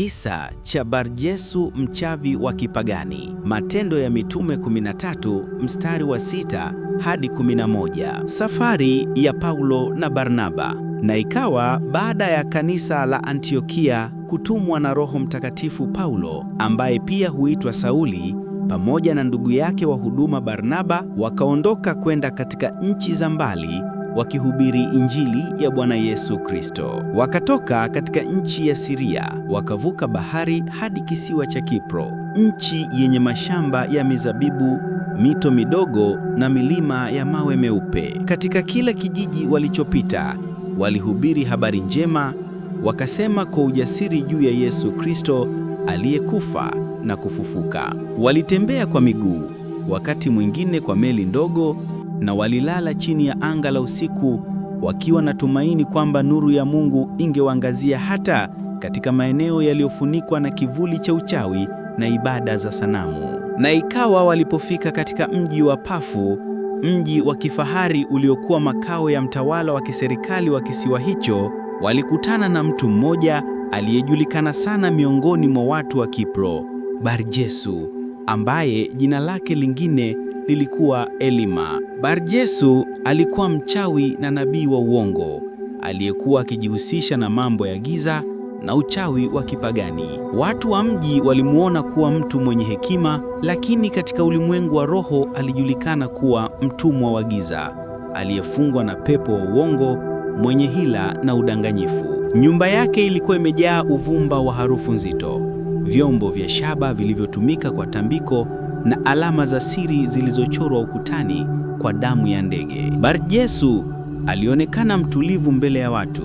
Kisa cha Barjesu mchawi wa kipagani, Matendo ya Mitume 13 mstari wa 6 hadi 11. Safari ya Paulo na Barnaba. Na ikawa baada ya kanisa la Antiokia kutumwa na Roho Mtakatifu, Paulo ambaye pia huitwa Sauli pamoja na ndugu yake wa huduma Barnaba wakaondoka kwenda katika nchi za mbali wakihubiri Injili ya Bwana Yesu Kristo. Wakatoka katika nchi ya Siria, wakavuka bahari hadi kisiwa cha Kipro, nchi yenye mashamba ya mizabibu, mito midogo na milima ya mawe meupe. Katika kila kijiji walichopita, walihubiri habari njema, wakasema kwa ujasiri juu ya Yesu Kristo aliyekufa na kufufuka. Walitembea kwa miguu, wakati mwingine kwa meli ndogo na walilala chini ya anga la usiku wakiwa na tumaini kwamba nuru ya Mungu ingewaangazia hata katika maeneo yaliyofunikwa na kivuli cha uchawi na ibada za sanamu. Na ikawa walipofika katika mji wa Pafu, mji wa kifahari uliokuwa makao ya mtawala wa kiserikali wa kisiwa hicho, walikutana na mtu mmoja aliyejulikana sana miongoni mwa watu wa Kipro, Barjesu, ambaye jina lake lingine lilikuwa Elima. Barjesu alikuwa mchawi na nabii wa uongo aliyekuwa akijihusisha na mambo ya giza na uchawi wa kipagani. Watu wa mji walimuona kuwa mtu mwenye hekima, lakini katika ulimwengu wa roho alijulikana kuwa mtumwa wa giza aliyefungwa na pepo wa uongo, mwenye hila na udanganyifu. Nyumba yake ilikuwa imejaa uvumba wa harufu nzito, vyombo vya shaba vilivyotumika kwa tambiko na alama za siri zilizochorwa ukutani kwa damu ya ndege. Barjesu alionekana mtulivu mbele ya watu,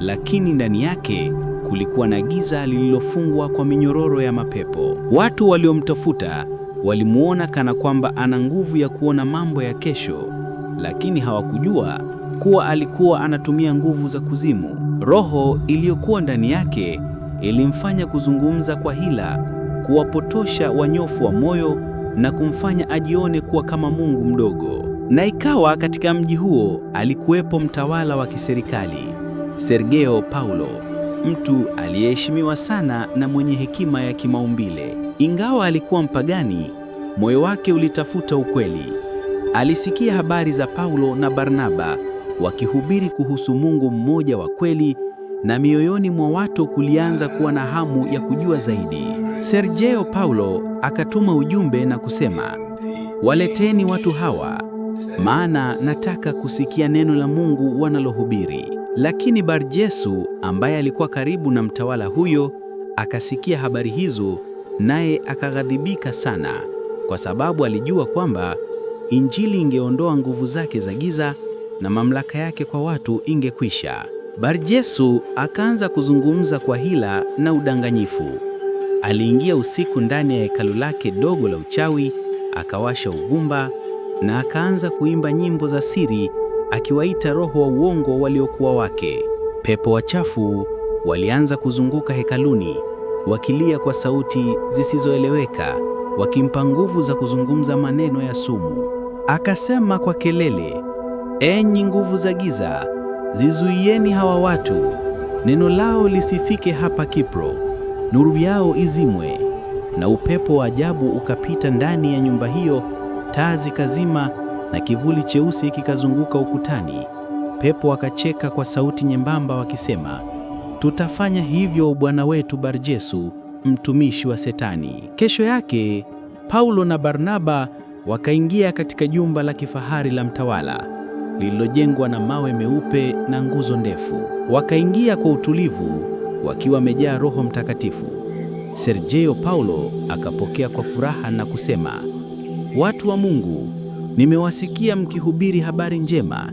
lakini ndani yake kulikuwa na giza lililofungwa kwa minyororo ya mapepo. Watu waliomtafuta walimwona kana kwamba ana nguvu ya kuona mambo ya kesho, lakini hawakujua kuwa alikuwa anatumia nguvu za kuzimu. Roho iliyokuwa ndani yake ilimfanya kuzungumza kwa hila, kuwapotosha wanyofu wa moyo na kumfanya ajione kuwa kama mungu mdogo. Na ikawa katika mji huo alikuwepo mtawala wa kiserikali sergeo Paulo, mtu aliyeheshimiwa sana na mwenye hekima ya kimaumbile. Ingawa alikuwa mpagani, moyo wake ulitafuta ukweli. Alisikia habari za Paulo na Barnaba wakihubiri kuhusu Mungu mmoja wa kweli, na mioyoni mwa watu kulianza kuwa na hamu ya kujua zaidi. Sergio Paulo akatuma ujumbe na kusema, waleteni watu hawa, maana nataka kusikia neno la Mungu wanalohubiri. Lakini Barjesu ambaye alikuwa karibu na mtawala huyo akasikia habari hizo, naye akaghadhibika sana, kwa sababu alijua kwamba injili ingeondoa nguvu zake za giza na mamlaka yake kwa watu ingekwisha. Barjesu akaanza kuzungumza kwa hila na udanganyifu aliingia usiku ndani ya hekalu lake dogo la uchawi, akawasha uvumba na akaanza kuimba nyimbo za siri, akiwaita roho wa uongo waliokuwa wake. Pepo wachafu walianza kuzunguka hekaluni, wakilia kwa sauti zisizoeleweka, wakimpa nguvu za kuzungumza maneno ya sumu. Akasema kwa kelele, enyi nguvu za giza, zizuieni hawa watu, neno lao lisifike hapa Kipro nuru yao izimwe, na upepo wa ajabu ukapita ndani ya nyumba hiyo, taa zikazima na kivuli cheusi kikazunguka ukutani. Pepo akacheka kwa sauti nyembamba, wakisema, tutafanya hivyo bwana wetu Barjesu, mtumishi wa Setani. Kesho yake Paulo na Barnaba wakaingia katika jumba la kifahari la mtawala lililojengwa na mawe meupe na nguzo ndefu. Wakaingia kwa utulivu wakiwa wamejaa Roho Mtakatifu. Sergio Paulo akapokea kwa furaha na kusema, watu wa Mungu, nimewasikia mkihubiri habari njema.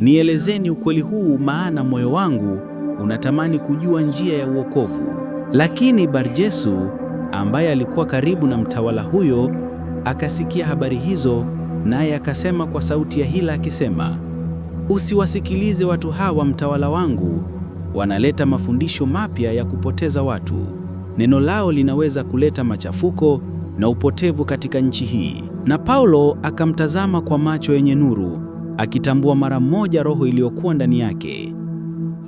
Nielezeni ukweli huu, maana moyo wangu unatamani kujua njia ya uokovu Lakini Barjesu ambaye alikuwa karibu na mtawala huyo akasikia habari hizo, naye akasema kwa sauti ya hila akisema, usiwasikilize watu hawa, mtawala wangu wanaleta mafundisho mapya ya kupoteza watu. Neno lao linaweza kuleta machafuko na upotevu katika nchi hii. Na Paulo akamtazama kwa macho yenye nuru, akitambua mara moja roho iliyokuwa ndani yake.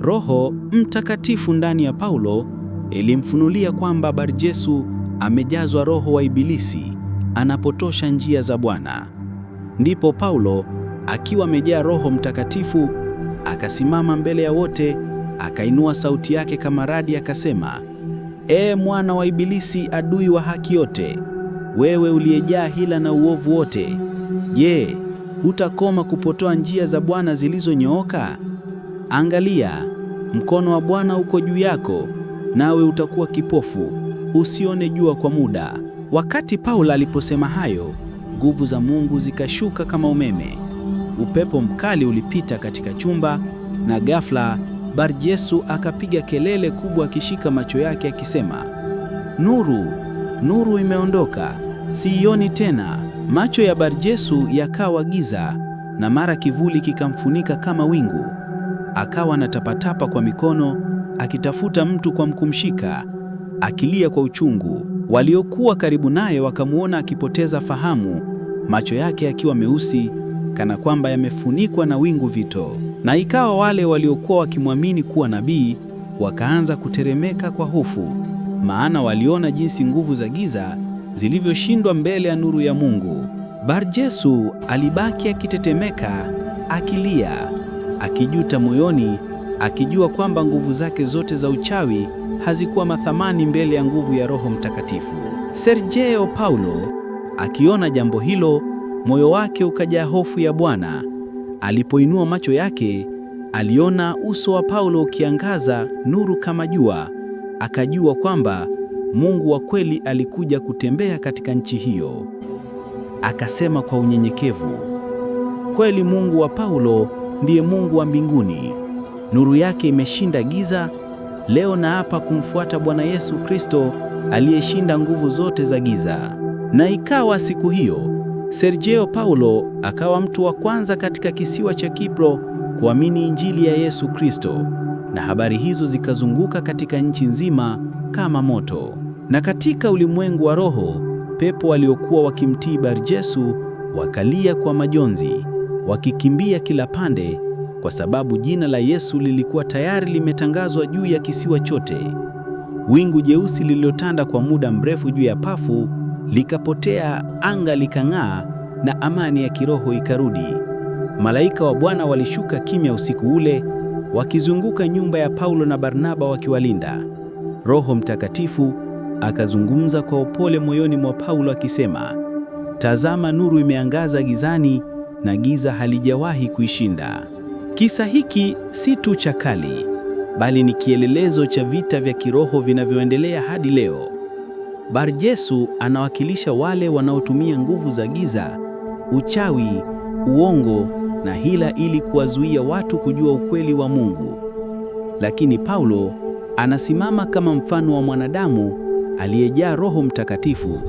Roho Mtakatifu ndani ya Paulo ilimfunulia kwamba Barjesu amejazwa roho wa Ibilisi, anapotosha njia za Bwana. Ndipo Paulo akiwa amejaa Roho Mtakatifu akasimama mbele ya wote akainua sauti yake kama radi akasema, Ee mwana wa Ibilisi, adui wa haki yote, wewe uliyejaa hila na uovu wote, je, hutakoma kupotoa njia za Bwana zilizonyooka? Angalia, mkono wa Bwana uko juu yako, nawe utakuwa kipofu, usione jua kwa muda. Wakati Paulo aliposema hayo, nguvu za Mungu zikashuka kama umeme. Upepo mkali ulipita katika chumba na ghafla Barjesu akapiga kelele kubwa akishika macho yake akisema, nuru, nuru imeondoka, siioni tena. Macho ya Barjesu yakawa giza na mara kivuli kikamfunika kama wingu. Akawa tapatapa kwa mikono akitafuta mtu kwa mkumshika akilia kwa uchungu. Waliokuwa karibu naye wakamwona akipoteza fahamu, macho yake yakiwa meusi kana kwamba yamefunikwa na wingu vito. Na ikawa wale waliokuwa wakimwamini kuwa nabii wakaanza kuteremeka kwa hofu, maana waliona jinsi nguvu za giza zilivyoshindwa mbele ya nuru ya Mungu. Barjesu alibaki akitetemeka, akilia, akijuta moyoni, akijua kwamba nguvu zake zote za uchawi hazikuwa mathamani mbele ya nguvu ya Roho Mtakatifu. Sergio Paulo akiona jambo hilo, moyo wake ukajaa hofu ya Bwana. Alipoinua macho yake, aliona uso wa Paulo ukiangaza nuru kama jua, akajua kwamba Mungu wa kweli alikuja kutembea katika nchi hiyo. Akasema kwa unyenyekevu, kweli Mungu wa Paulo ndiye Mungu wa mbinguni. Nuru yake imeshinda giza. Leo naapa kumfuata Bwana Yesu Kristo aliyeshinda nguvu zote za giza. Na ikawa siku hiyo Sergio Paulo akawa mtu wa kwanza katika kisiwa cha Kipro kuamini Injili ya Yesu Kristo, na habari hizo zikazunguka katika nchi nzima kama moto. Na katika ulimwengu wa roho, pepo waliokuwa wakimtii Barjesu wakalia kwa majonzi, wakikimbia kila pande, kwa sababu jina la Yesu lilikuwa tayari limetangazwa juu ya kisiwa chote. Wingu jeusi lililotanda kwa muda mrefu juu ya pafu likapotea, anga likang'aa na amani ya kiroho ikarudi. Malaika wa Bwana walishuka kimya usiku ule, wakizunguka nyumba ya Paulo na Barnaba wakiwalinda. Roho Mtakatifu akazungumza kwa upole moyoni mwa Paulo akisema, tazama, nuru imeangaza gizani na giza halijawahi kuishinda. Kisa hiki si tu cha kali, bali ni kielelezo cha vita vya kiroho vinavyoendelea hadi leo. Barjesu anawakilisha wale wanaotumia nguvu za giza, uchawi, uongo na hila ili kuwazuia watu kujua ukweli wa Mungu. Lakini Paulo anasimama kama mfano wa mwanadamu aliyejaa Roho Mtakatifu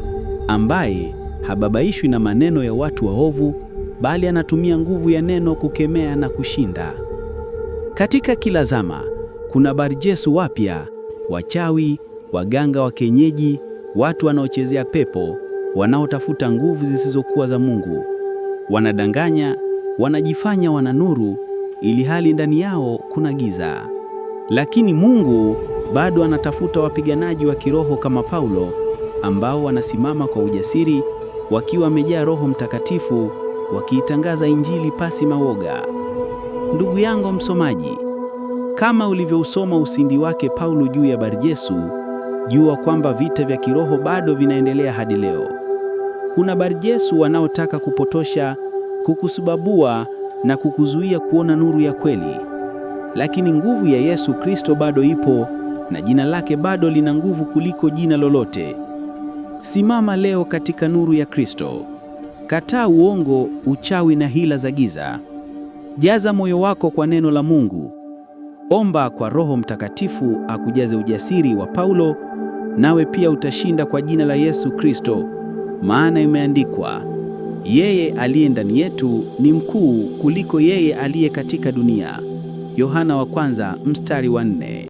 ambaye hababaishwi na maneno ya watu waovu bali anatumia nguvu ya neno kukemea na kushinda. Katika kila zama kuna Barjesu wapya, wachawi, waganga wa kienyeji watu wanaochezea pepo, wanaotafuta nguvu zisizokuwa za Mungu. Wanadanganya, wanajifanya wana nuru, ili hali ndani yao kuna giza. Lakini Mungu bado anatafuta wapiganaji wa kiroho kama Paulo, ambao wanasimama kwa ujasiri, wakiwa wamejaa Roho Mtakatifu, wakiitangaza Injili pasi mawoga. Ndugu yangu msomaji, kama ulivyousoma usindi wake Paulo juu ya Barjesu Jua kwamba vita vya kiroho bado vinaendelea hadi leo. Kuna barjesu wanaotaka kupotosha, kukusubabua na kukuzuia kuona nuru ya kweli, lakini nguvu ya Yesu Kristo bado ipo na jina lake bado lina nguvu kuliko jina lolote. Simama leo katika nuru ya Kristo. Kataa uongo, uchawi na hila za giza. Jaza moyo wako kwa neno la Mungu. Omba kwa Roho Mtakatifu akujaze ujasiri wa Paulo nawe pia utashinda kwa jina la Yesu Kristo, maana imeandikwa, yeye aliye ndani yetu ni mkuu kuliko yeye aliye katika dunia. Yohana wa kwanza mstari wa nne.